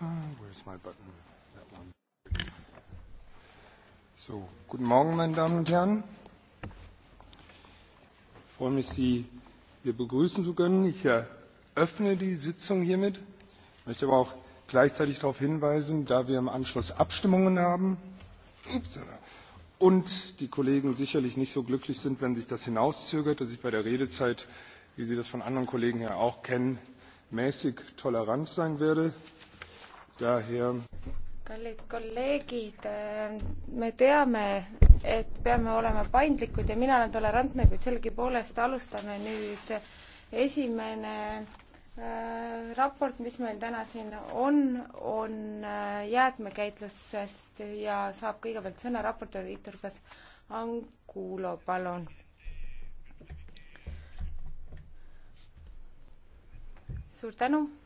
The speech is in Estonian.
Uh, where's my button? That one. So, guten Morgen, meine Damen und Herren. Ich freue mich, Sie hier begrüßen zu können. Ich eröffne die Sitzung hiermit. Ich möchte aber auch gleichzeitig darauf hinweisen, da wir im Anschluss Abstimmungen haben und die Kollegen sicherlich nicht so glücklich sind, wenn sich das hinauszögert, dass ich bei der Redezeit, wie Sie das von anderen Kollegen ja auch kennen, mäßig tolerant sein werde kallid kolleegid, äh, me teame, et peame olema paindlikud ja mina olen tolerantne, kuid sellegipoolest alustame nüüd esimene äh, raport, mis meil täna siin on, on äh, jäätmekäitlusest ja saab kõigepealt sõna raportöör Iturgas Angulo, palun. suur tänu